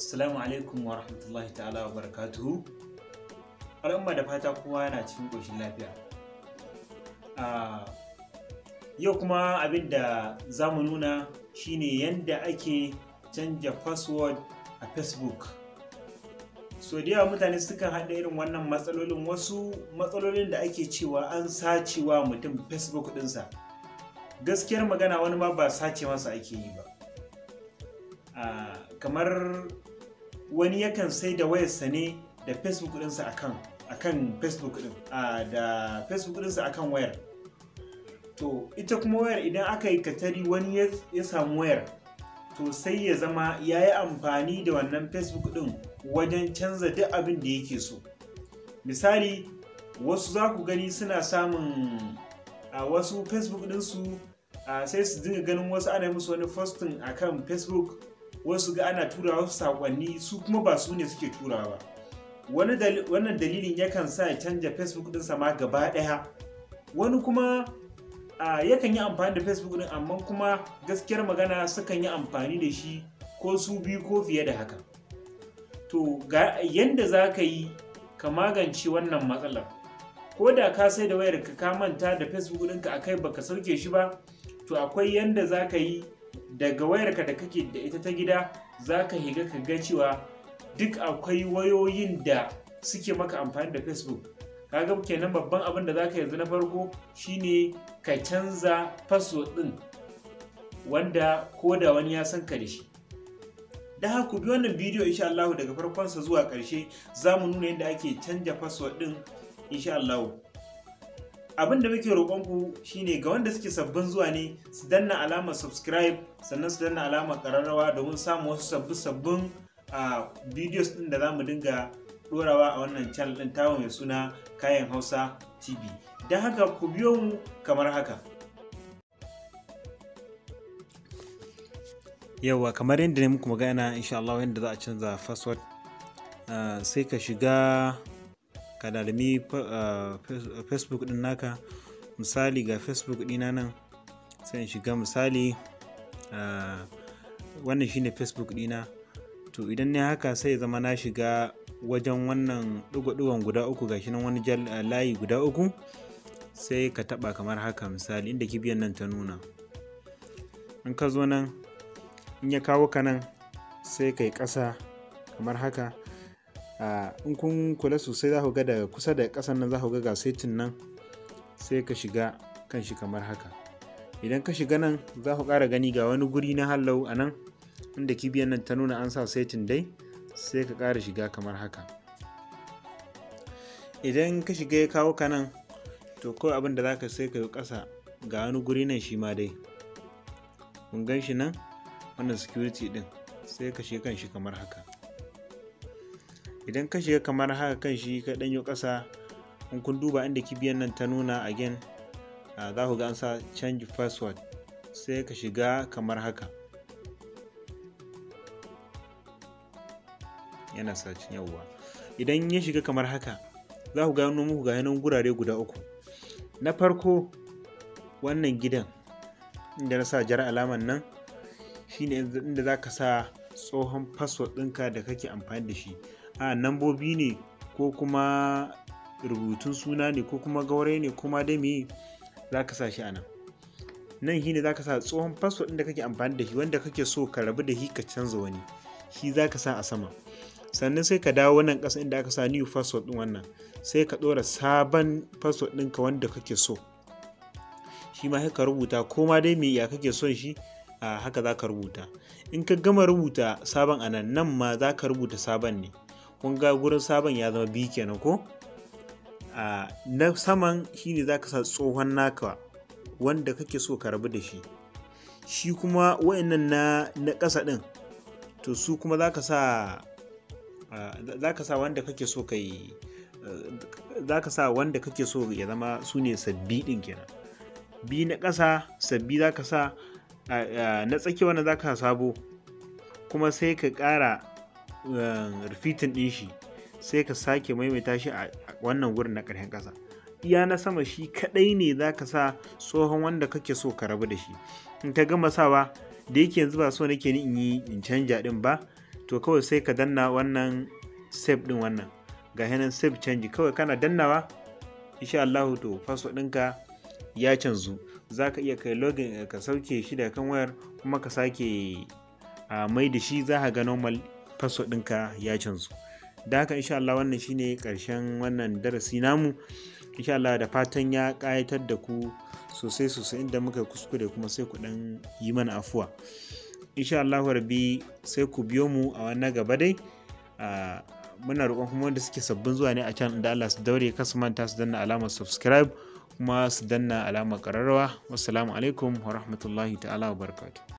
Assalamu alaikum wa rahmatullahi ta'ala wa barakatuhu. Al'umma da fata kowa yana cikin ƙoshin lafiya. Yau kuma abin da za mu nuna shine yadda ake canja password a Facebook. So da yawa mutane sukan haɗa irin wannan matsalolin wasu matsalolin da ake cewa an sacewa mutum Facebook ɗinsa. Gaskiyar magana wani ma ba sace masa ake yi ba. kamar wani yakan sai da wayarsa ne da facebook ɗinsa akan akan facebook ɗin da facebook ɗinsa akan wayar to ita kuma wayar idan aka yi katari wani ya samu wayar to sai ya zama ya yi amfani da wannan facebook ɗin wajen canza duk abin da yake so misali wasu za ku gani suna samun a wasu facebook ɗinsu sai su dinga ganin wasu ana musu wani fostin akan facebook wasu ga ana tura wasu saƙonni su kuma ba su ne suke turawa wannan dalilin yakan sa ya canja facebook ɗinsa ma gaba ɗaya wani kuma yakan yi amfani da facebook ɗin amma kuma gaskiyar magana sukan yi amfani da shi ko su biyu ko fiye da haka to ga yadda za ka yi ka magance wannan matsalar ko da ka sai da wayar ka manta da facebook ɗinka akai baka sauke shi ba to akwai yadda za ka yi daga wayarka da kake da ita ta gida za ka higa ka ga cewa duk akwai wayoyin da suke maka amfani da facebook ga kenan babban abin da za ka yanzu na farko shine ka canza password ɗin wanda ko da wani ya san ka da shi da haka ku bi wannan bidiyo insha Allah daga farkonsa zuwa ƙarshe za mu nuna yadda ake canja password ɗin insha Allah abin da muke roƙonku shine ga wanda suke sabbin zuwa ne su danna alamar subscribe sannan su danna alamar ƙararrawa domin samun wasu sabbin sabbin videos ɗin da zamu dinga ɗorawa a wannan channel ɗin tawo mai suna kayan hausa tv don haka ku biyo mu kamar haka yawa kamar yadda ne muku magana insha Allah yadda za a canza password sai ka shiga ka dalmi ah, facebook din naka misali ga facebook dina nan sai in shiga misali ah, wannan shine facebook dina to idan ne haka sai zama na shiga wajen wannan digo-digon guda uku gashi nan wani ah, layi guda uku sai ka taba kamar haka misali inda kibiyan nan ta nuna in ka zo nan in ya kawo ka nan sai ka yi ƙasa kamar haka in kun kula sosai za ku ga daga kusa da ƙasan nan za ku ga ga setin nan sai ka shiga kan shi kamar haka idan ka shiga nan za ku ƙara gani ga wani guri na hallau a nan inda kibiyan nan ta nuna an sa setin dai sai ka ƙara shiga kamar haka idan ka shiga ya kawo ka nan to kawai abin da za ka sai ka yi ƙasa ga wani guri nan shi ma dai mun gan shi nan wannan security din sai ka shi kan shi kamar haka idan ka shiga kamar haka kan shi ka ɗanyo ƙasa in kun duba inda kibiyan nan ta nuna again ah, za ku ga an sa change password sai ka shiga kamar haka yana sacin yawwa idan ya shiga kamar haka za ku gano muku ga yanan gurare guda uku na farko wannan gidan inda na sa jar alaman nan shine inda za ka sa tsohon password ɗinka da kake amfani da shi a nambobi ne ko kuma rubutun suna ne ko kuma gaurai ne kuma dai za ka sa shi a nan nan shi ne za ka sa tsohon fasfo ɗin da kake amfani da shi wanda kake so ka rabu da shi ka canza wani shi za ka sa a sama sannan sai ka dawo wannan ƙasa inda aka sa new password ɗin wannan sai ka ɗora sabon password ɗinka wanda kake so shi ma ka rubuta ko ma dai me ya kake son shi a haka za ka rubuta in ka gama rubuta sabon anan, nan nan ma za ka rubuta sabon ne kun ga gurin sabon ya zama biyu kenan ko na saman shine zaka sa tsohon naka wanda kake so ka rabu da shi shi kuma wayannan na na ƙasa din to su kuma zaka sa zaka sa wanda kake so ka yi zaka sa wanda kake so ya zama su ne sabbi din kenan bi na ƙasa sabbi zaka sa na tsaki wanda zaka sabo kuma sai ka ƙara Um, rufitin ɗin shi sai ka sake maimaita shi a wannan gurin na ƙarshen ƙasa iya na sama shi kaɗai ne za ka sa tsohon wanda kake so ka rabu da shi in ka gama sawa da yake yanzu ba so nake ni in yi in canja ɗin ba to kawai sai ka danna wannan save ɗin wannan ga hannun save canji kawai kana dannawa insha Allah to password ɗinka ya canzu za ka iya kai login ka sauke shi da kan wayar kuma ka sake a ah, mai da shi za ka ga normal password ɗinka ya canzu da haka insha Allah wannan shine ƙarshen wannan darasi namu insha Allah da fatan ya ƙayatar da ku sosai sosai inda muka kuskure kuma sai ku ɗan yi mana afuwa insha Allah rabi sai ku biyo mu a wannan gaba dai muna roƙon kuma wanda suke sabbin zuwa ne a can da Allah su daure kasu manta su danna alamar subscribe kuma su danna alamar ƙararrawa wassalamu alaikum wa rahmatullahi ta'ala wa barakatuh